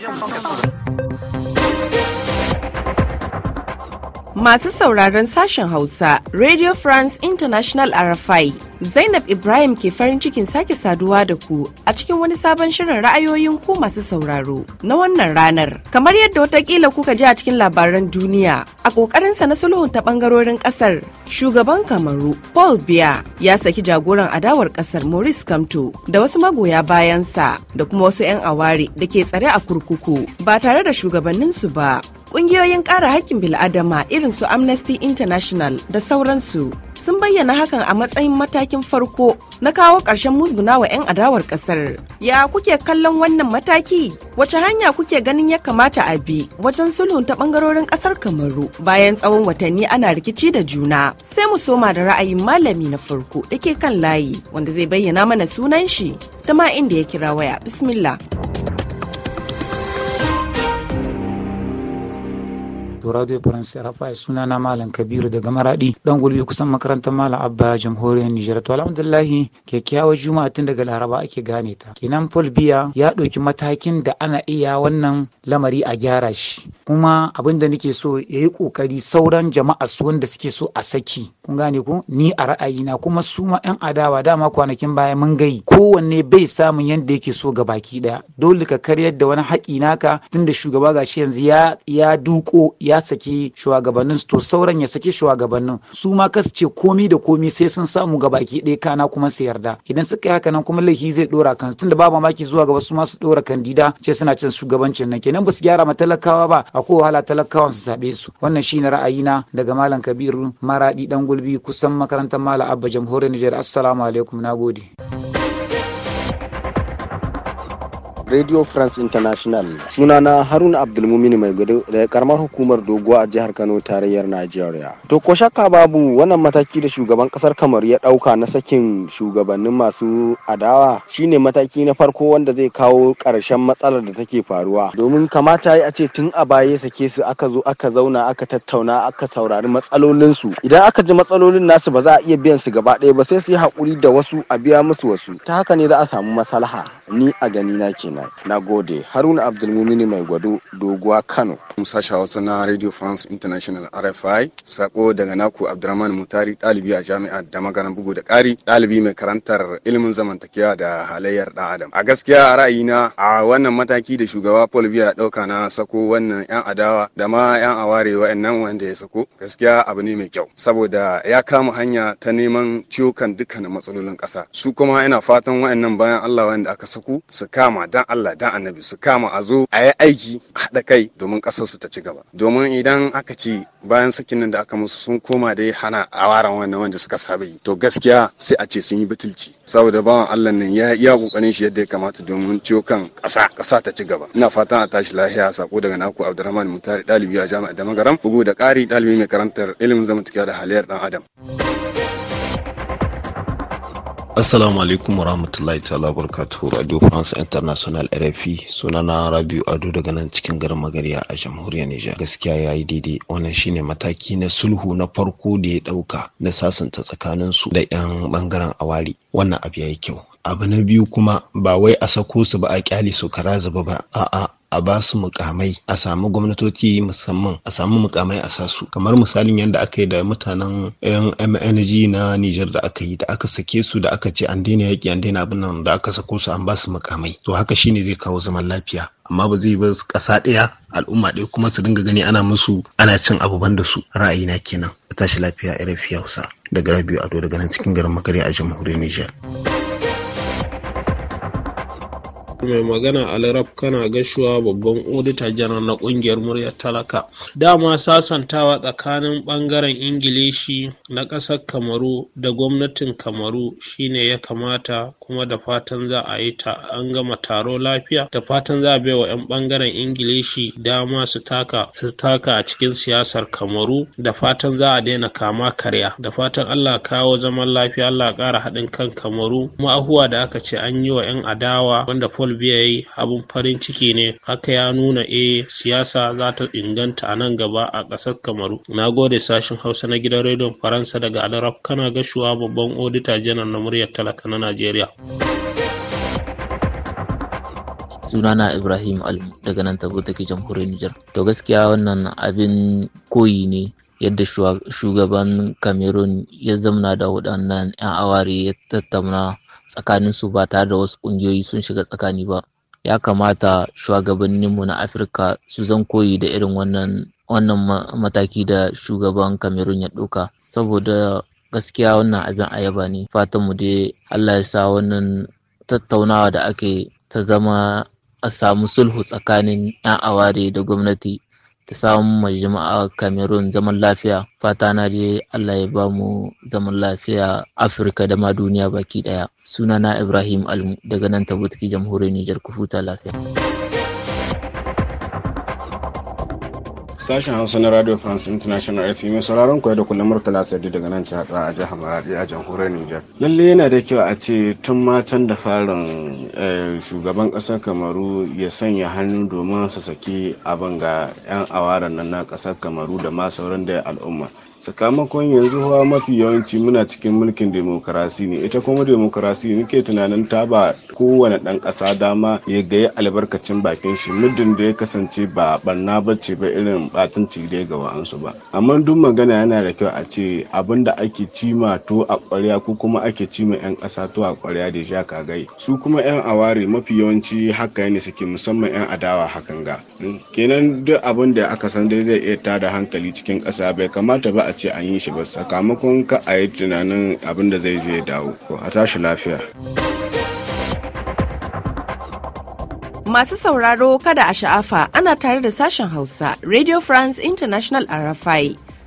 不要放歌。Masu sauraron sashen Hausa, Radio France International RFI, Zainab Ibrahim ke farin cikin sake saduwa da ku a cikin wani sabon shirin ra'ayoyin ku masu sauraro na wannan ranar. Kamar yadda watakila kuka ji a cikin labaran duniya, a ƙoƙarinsa na sulhun ta ɓangarorin ƙasar, shugaban Kamaru Paul Biya ya saki jagoran adawar ƙasar Maurice Kamto da wasu magoya bayansa da kuma wasu 'yan aware da ke tsare a kurkuku ba tare da shugabanninsu ba. Ƙungiyoyin ƙara haƙƙin bil'adama irin su Amnesty International da sauransu sun bayyana hakan a matsayin matakin farko na kawo ƙarshen musgunawa 'yan adawar ƙasar. Ya kuke kallon wannan mataki? Wace hanya kuke ganin ya kamata a bi wajen sulhun ta ɓangarorin ƙasar Kamaru bayan tsawon watanni ana rikici da juna? Sai mu soma da ra'ayin malami na farko da ke kan layi wanda zai bayyana mana sunan shi da ma inda ya kira waya. Bismillah. to radio france rfi suna na malam kabiru daga maradi dan gulbi kusan makarantar malam abba jamhuriyar nijar to alhamdulillahi kyakkyawar juma'a tun daga laraba ake gane ta Kinan paul biya ya ɗauki matakin da ana iya wannan lamari a gyara shi kuma abin da nake so ya yi ƙoƙari sauran jama'a su wanda suke so a saki kun gane ko ni a ra'ayi na. kuma su ma 'yan adawa dama kwanakin baya mun gai kowanne bai samun yadda yake so ga baki ɗaya dole ka karyar da wani haƙi naka tunda shugaba gashi yanzu ya duko ya saki shugabannin to sauran ya saki shugabannin su ma kas ce komi da komi sai sun samu gabaki ɗaya kana kuma su yarda idan suka yi haka nan kuma laifi zai dora kan tunda ba mamaki zuwa gaba su ma su dora kandida ce suna cin shugabancin nan kenan ba su gyara ma talakawa ba akwai wahala talakawan su zaɓe su wannan shine ra'ayina daga malam kabiru maradi dan gulbi kusan makarantar malam abba jamhuriyar nijar assalamu alaikum nagode Radio France International. Sunana Haruna Abdulmumini mai gudu daga karamar hukumar Doguwa a jihar Kano tarayyar Najeriya. To ko shakka babu wannan mataki da shugaban kasar Kamar ya dauka na sakin shugabannin masu adawa shine mataki na farko wanda zai kawo karshen matsalar da take faruwa. Domin kamata ya ce tun a baya sake su aka zo aka zauna aka tattauna aka saurari matsalolin su. Idan aka ji matsalolin nasu ba za a iya biyan su gaba ɗaya ba sai su yi haƙuri da wasu a biya musu wasu. Ta haka ne za a samu maslaha. ni a ganina kenan na gode haruna abdulmumini mai gwado doguwa kano sasha hausa na radio france international rfi sako daga naku abdulrahman mutari dalibi a jami'a da magaran bugu da kari dalibi mai karantar ilimin zamantakewa da halayyar dan adam a gaskiya ra'ayi na a wannan mataki da shugaba paul biya dauka na sako wannan yan adawa da ma yan aware wa'annan wanda ya sako gaskiya abu ne mai kyau saboda ya kama hanya ta neman ciwo kan dukkanin matsalolin ƙasa su kuma yana fatan wa'annan bayan allah wanda aka cuku su kama dan Allah dan annabi su kama a zo a yi aiki haɗa kai domin ƙasar su ta ci gaba domin idan aka ce bayan sakin nan da aka musu sun koma da ya hana a waran wannan wanda suka saba yi to gaskiya sai a ce sun yi bitulci saboda bawan Allah nan ya iya kokarin shi yadda ya kamata domin ciwo kan ƙasa ƙasa ta ci gaba ina fatan a tashi lafiya sako daga naku Abdurrahman Mutari dalibi a jami'ar da bugu da ƙari dalibi mai karantar ilimin zamantakewa da halayyar dan adam. Assalamu alaikum wa rahmatullahi ta'ala barkatu Radio France International RFI sunana Rabiu Ado daga nan cikin garin Magariya a jamhuriyar Nijar. Gaskiya ya yi daidai wannan shine mataki na sulhu na farko da ya dauka na sasanta tsakanin su da yan bangaren awari. Wannan abu ya yi kyau. Abu na biyu kuma ba wai a sako su ba a kyali su kara zuba ba a'a a ba su mukamai a samu gwamnatoci musamman a samu mukamai a sasu kamar misalin yadda aka yi da mutanen yan mng na niger da aka yi da aka sake su da aka ce an daina yaƙi an daina abin nan da aka sako su an ba su mukamai to haka shi ne zai kawo zaman lafiya amma ba zai bar ƙasa ɗaya al'umma ɗaya kuma su dinga gani ana musu ana cin abu ban da su ra'ayina kenan tashi lafiya irin hausa daga rabiu ado daga nan cikin garin makare a jamhuriyar niger mai magana alarab kana gashuwa babban odita janar na kungiyar muryar talaka dama sasantawa tsakanin bangaren ingilishi na ƙasar kamaru da gwamnatin kamaru shine ya kamata kuma da fatan za a yi ta an gama taro lafiya da fatan za a wa 'yan bangaren ingilishi dama su taka su taka a cikin siyasar kamaru da fatan za a daina kama karya da fatan allah kawo zaman lafiya allah ƙara haɗin kan kamaru ma'ahuwa da aka ce an yi wa 'yan adawa wanda Paul Biya yi abin farin ciki ne haka ya nuna eh siyasa za ta inganta a nan gaba a ƙasar Kamaru. Na gode sashen Hausa na gidan rediyon Faransa daga Alarab kana gashuwa babban odita janar na muryar talaka na Najeriya. sunana ibrahim almu daga nan tabo take jamhuriyar nijar to gaskiya wannan abin koyi ne yadda shugaban cameroon ya zamna da waɗannan 'yan aware ya tattauna tsakanin su ba tare da wasu ƙungiyoyi sun shiga tsakani ba ya kamata shugabannin mu na afirka su zan koyi da irin wannan wannan mataki da shugaban kamerun ya ɗauka saboda gaskiya wannan abin ayaba ne fatan mu dai allah ya sa wannan tattaunawa da ake ta zama a samu sulhu tsakanin 'yan aware da gwamnati ta samu mai jama'a Cameroon zaman lafiya. Fata na dai Allah ya ba mu zaman lafiya Afirka da ma duniya baki daya. Sunana Ibrahim Almu daga nan Tabutki jamhuriyar Nijar ku lafiya. Sashen Hausa na Radio France International RFI mai sauraron kwaya da kullum Murtala Sadi daga nan Chadwa a jihar Maradi a jamhuriyar Nijar. Lalle yana da kyau a ce tun matan da farin eh, shugaban ƙasar Kamaru ya sanya hannu domin su saki abin ga 'yan awaran nan na kasar Kamaru da ma sauran da al'umma. sakamakon yanzu hawa mafi yawanci muna cikin mulkin demokarasi ne ita kuma demokarasi muke tunanin ta ba kowane ɗan ƙasa dama ya gayi albarkacin bakin shi muddin da ya kasance ba barna ce ba irin batunci da ga wa'ansu ba amma duk magana yana da kyau a ce abin da ake cima to a ƙwarya ko kuma ake cima 'yan ƙasa to a ƙwarya da sha gai su kuma 'yan aware mafi yawanci haka ne suke musamman 'yan adawa hakan ga hmm. kenan duk abin da aka san dai zai iya tada hankali cikin ƙasa bai kamata ba a ce an yi shi ba sakamakon ka a yi tunanin abin da zai je dawo ko a tashi lafiya Masu sauraro kada a sha'afa ana tare da sashen Hausa Radio France International RFI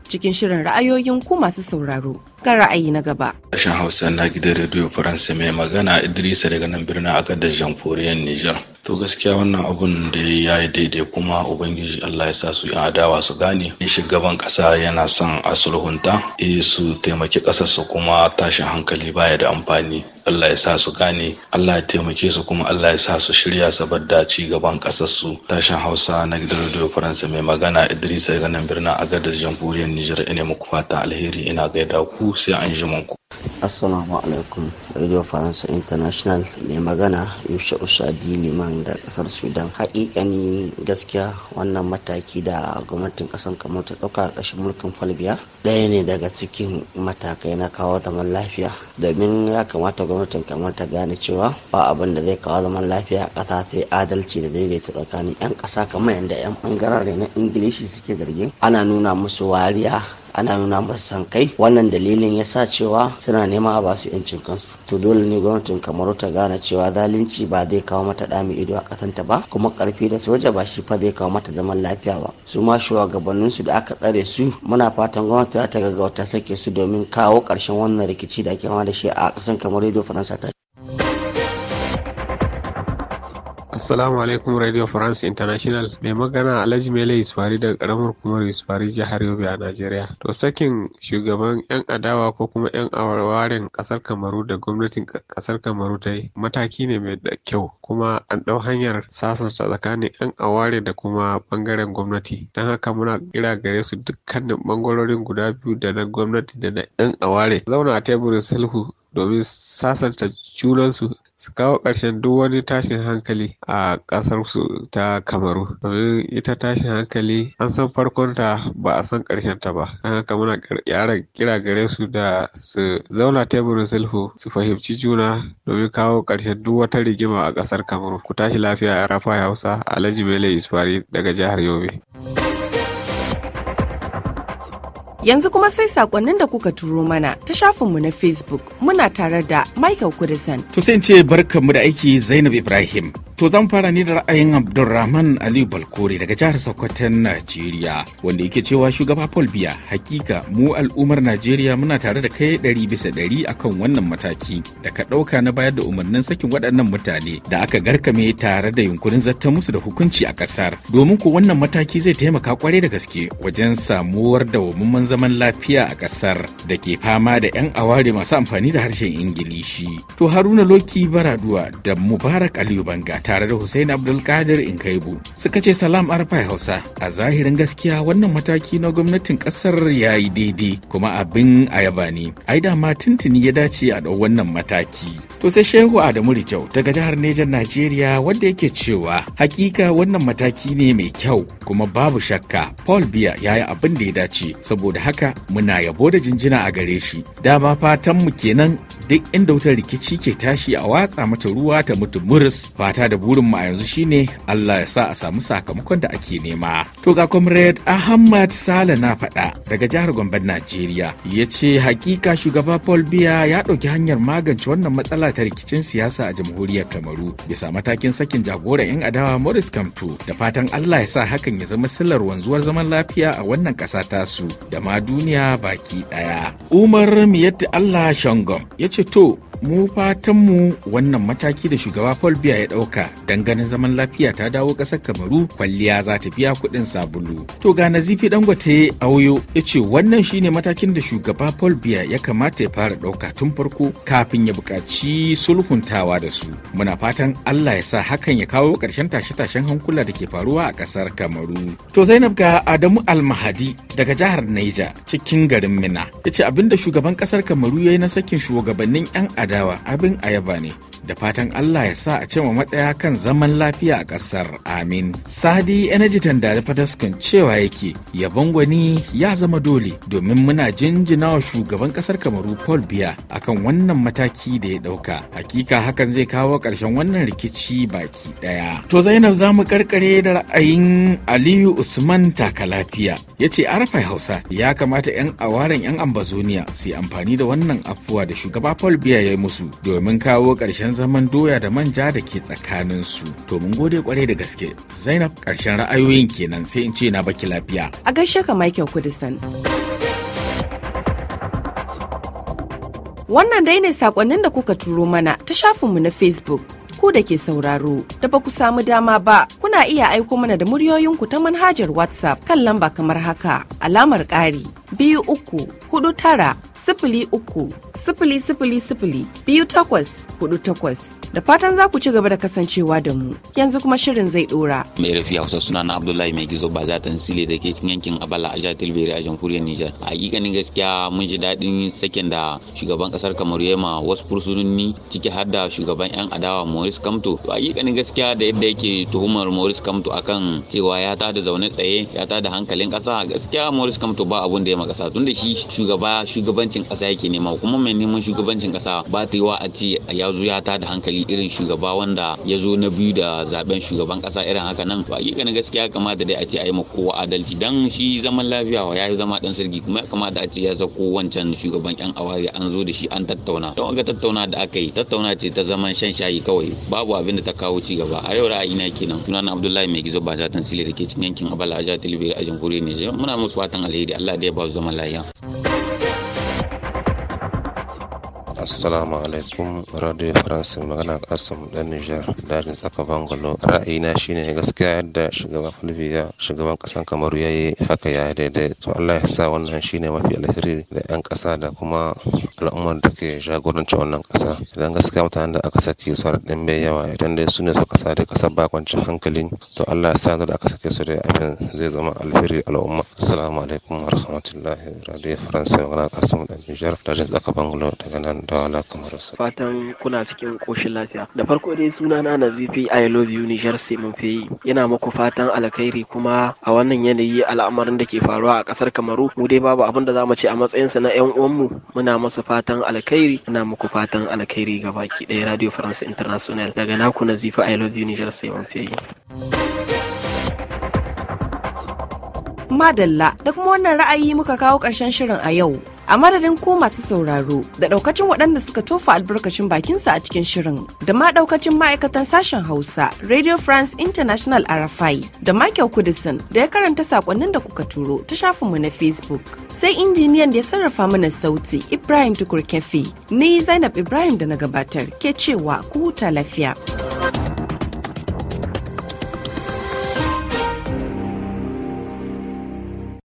cikin shirin ra'ayoyin ku masu sauraro kan ra'ayi na gaba. Sashen Hausa na gidan Radio Faransa mai magana Idrisa daga nan birnin Agadar Jamhuriyar Nijar. To gaskiya wannan abun da ya yi daidai kuma Ubangiji Allah ya sa su yi adawa su gane. Shugaban kasa yana son a sulhunta, eh su taimaki kasarsu su kuma tashin hankali baya da amfani. Allah ya sa su gane, Allah ya taimake su kuma Allah ya sa su shirya saboda ci gaban kasar su. Tashin Hausa na gidan Radio Faransa mai magana Idris, daga nan birnin Agadar Jamhuriyar Nijar ina muku fata alheri ina gaida ku sai an ku. assalamu alaikum radio faransa international mai magana yusha usadi liman da kasar sudan haƙiƙani gaskiya wannan mataki da gwamnatin ƙasar kamar ta ɗauka ƙashin mulkin falbiya ɗaya ne daga cikin matakai na kawo zaman lafiya domin ya kamata gwamnatin kamar ta gane cewa ba abin da zai kawo zaman lafiya ƙasa sai adalci da daidaita tsakanin 'yan ƙasa kamar yadda 'yan ɓangarare na ingilishi suke zargin ana nuna musu wariya ana nuna masu san kai wannan dalilin ya sa cewa suna nema a basu yancin kansu to dole ne gwamnatin kamaru ta gane cewa zalunci ba zai kawo mata dami ido a kasanta ba kuma karfi da soja ba shi fa zai kawo mata zaman lafiya ba su ma shugabannin su da aka tsare su muna fatan gwamnati za ta gaggauta sake su domin kawo karshen wannan rikici da ake ma da shi a kasan kamar ido faransa ta Assalamu alaikum Radio France International mai magana Alhaji Mele Isfari daga karamar hukumar Isfari jihar Yobe a Najeriya. To sakin shugaban 'yan adawa ko kuma 'yan awarwarin kasar Kamaru da gwamnatin kasar Kamaru ta yi mataki ne mai da kyau kuma an ɗau hanyar sasanta tsakanin 'yan aware da kuma bangaren gwamnati. Don haka muna kira gare su dukkanin bangarorin guda biyu da na gwamnati da na 'yan aware. Zauna a teburin sulhu domin sasanta junansu su kawo ƙarshen duk wani tashin hankali a ƙasar su ta kamaru domin ita tashin hankali an san farkon ta ba a san ƙarshen ta ba don haka muna ƙara kira gare su da su zauna teburin sulhu su fahimci juna domin kawo ƙarshen duk wata rigima a ƙasar kamaru ku tashi lafiya a rafa hausa alhaji bello isfari daga jihar yobe. Yanzu kuma sai sakonnin da kuka turo mana ta shafinmu na Facebook muna tare da Michael Kudisan. To sai ce barkanmu da aiki Zainab Ibrahim. To zan fara ne da ra'ayin Abdulrahman Aliyu Balkore daga jihar Sokoton Najeriya wanda yake cewa shugaba Paul Biya hakika mu al'ummar Najeriya muna tare da kai ɗari bisa ɗari akan wannan mataki da ka ɗauka na bayar da umarnin sakin waɗannan mutane da aka garkame tare da yunkurin zata musu da hukunci a ƙasar. Domin ko wannan mataki zai taimaka kwarai da gaske wajen samuwar da mummun zaman lafiya a ƙasar da ke fama da 'yan aware masu amfani da harshen Ingilishi. To Haruna Loki Baraduwa da Mubarak Aliyu Bangata tare da Hussein Abdulkadir Inkaibu suka ce salam arfai Hausa a zahirin gaskiya wannan mataki na gwamnatin kasar ya yi daidai kuma abin ayaba ne. Ai da ma tuntuni ya dace a ɗau wannan mataki. To sai Shehu Adamu Rijau daga jihar Nejan Najeriya wanda yake cewa hakika wannan mataki ne mai kyau kuma babu shakka Paul Biya ya yi abin da ya dace saboda haka muna yabo da jinjina a gare shi. Dama mu kenan duk inda wutar rikici ke tashi a watsa mata ruwa ta mutu muris fata da mu a yanzu shine Allah ya sa a samu sakamakon da ake nema. To ga Comrade Ahmad Sale na faɗa daga jihar Gombe Najeriya ya ce hakika shugaba Paul Biya ya ɗauki hanyar magance wannan matsala ta rikicin siyasa a jamhuriyar Kamaru bisa matakin sakin jagoran 'yan adawa Morris Kamto da fatan Allah ya sa hakan ya zama sillar wanzuwar zaman lafiya a wannan ƙasa su, da ma duniya baki ɗaya. Umar Miyatti Allah Shangom ya ce to mu fatanmu wannan mataki da shugaba Paul Biya ya ɗauka ganin zaman lafiya ta dawo ƙasar Kamaru kwalliya za ta biya kuɗin sabulu. To ga Nazifi Dangote Auyo ya ce wannan shine matakin da shugaba Paul Biya ya kamata ya fara ɗauka tun farko kafin ya buƙaci sulhuntawa da su. Muna fatan Allah ya sa hakan ya kawo ƙarshen tashe-tashen hankula da ke faruwa a ƙasar Kamaru. To Zainab ga Adamu Almahadi daga jihar Niger cikin garin Mina ya ce abinda shugaban ƙasar Kamaru ya yi na sakin shugabannin 'yan adam dawa abin ayaba ne da fatan Allah ya sa a cewa matsaya kan zaman lafiya a ƙasar amin. Sadi Energy Tanda da fataskan cewa yake yabon gwani ya zama dole domin muna jinjina wa shugaban ƙasar Kamaru Paul Biya akan wannan mataki da ya ɗauka. Hakika hakan zai kawo ƙarshen wannan rikici baki ɗaya. To Zainab za mu karkare da ra'ayin Aliyu Usman Takalafiya ya ce Arafai Hausa ya kamata 'yan awaren 'yan ambazoniya su yi amfani da wannan afuwa da shugaba Paul Biya ya yi musu domin kawo ƙarshen zaman doya da manja da ke tsakaninsu to mun gode kwarai da gaske zainab ƙarshen ra'ayoyin kenan sai in ce na baki lafiya a gaishe ka michael kudisan wannan dai ne sakonnin da kuka turo mana ta shafinmu na facebook ku da ke sauraro da ba ku samu dama ba kuna iya aiko mana da muryoyinku ta manhajar whatsapp kan lamba kamar haka alamar ƙari biyu uku hudu tara sifili uku sifili sifili sifili biyu takwas hudu takwas da fatan za ku ci gaba da kasancewa da mu yanzu kuma shirin zai dora. mai rafi hausa suna na abdullahi mai gizo ba za ta sile da ke cikin yankin abala a jihar a jamhuriyar nijar a hakikanin gaskiya mun ji daɗin sakin da shugaban ƙasar kamar yema wasu fursunoni ciki har da shugaban yan adawa maurice kamto a hakikanin gaskiya da yadda yake tuhumar maurice kamto akan cewa ya tada zaune tsaye ya tada hankalin ƙasa gaskiya maurice kamto ba abun da ya makasa tun da shi shugaba shugabanci shugabancin kasa yake nema kuma mai neman shugabancin kasa ba ta yi wa a ce ya zo ya tada hankali irin shugaba wanda ya zo na biyu da zaben shugaban kasa irin haka nan ba hakikanin gaskiya kamata dai a ce a yi ma kowa adalci dan shi zaman lafiya wa ya yi zama dan sarki kuma ya kamata a ce ya sako wancan shugaban yan awari an zo da shi an tattauna don ga tattauna da aka yi tattauna ce ta zaman shan shayi kawai babu abin da ta kawo ci gaba a yau ra'ayi na kenan sunana abdullahi mai gizo ba ta sile da ke cikin yankin abala a jihar talibiyar a jamhuriyar nijar muna musu fatan alheri allah da ya ba su zaman lafiya assalamu alaikum radio france magana kasam dan nijar dajin tsaka bangalo ra'ayina shine gaskiya yadda shugaban fulbiya shugaban kasan kamaru ya yi haka ya daidai to allah ya sa wannan shine mafi alheri da yan kasa da kuma al'ummar da ke jagoranci wannan kasa idan gaskiya mutanen da aka saki su har din bai yawa idan dai su ne suka sa dai kasar ba kwanci hankali to allah ya sa da aka sake su da abin zai zama alheri al'umma assalamu alaikum wa rahmatullahi radio france magana kasam dan nijar dajin tsaka bangalo daga nan fatan kuna cikin koshin lafiya da farko dai suna na nazifi i love you nijar sai mun fi yana muku fatan alkhairi kuma a wannan yanayi al'amarin da ke faruwa a kasar kamaru mu dai babu abin da za mu ce a matsayinsa na yan uwanmu muna masa fatan alkhairi muna muku fatan alkhairi ga baki ɗaya radio france international daga naku nazifi i love you nijar sai mun fi madalla da kuma wannan ra'ayi muka kawo ƙarshen shirin a yau a madadin ko masu sauraro da daukacin waɗanda suka tofa albarkacin bakinsa a cikin shirin da ma daukacin ma'aikatan sashen hausa radio france international rfi da michael kudisin da ya karanta sakonnin da kuka turo ta shafinmu na facebook sai injiniyan da ya sarrafa mana sauti ibrahim tukur kefi ni zainab ibrahim da na gabatar ke cewa ku huta lafiya.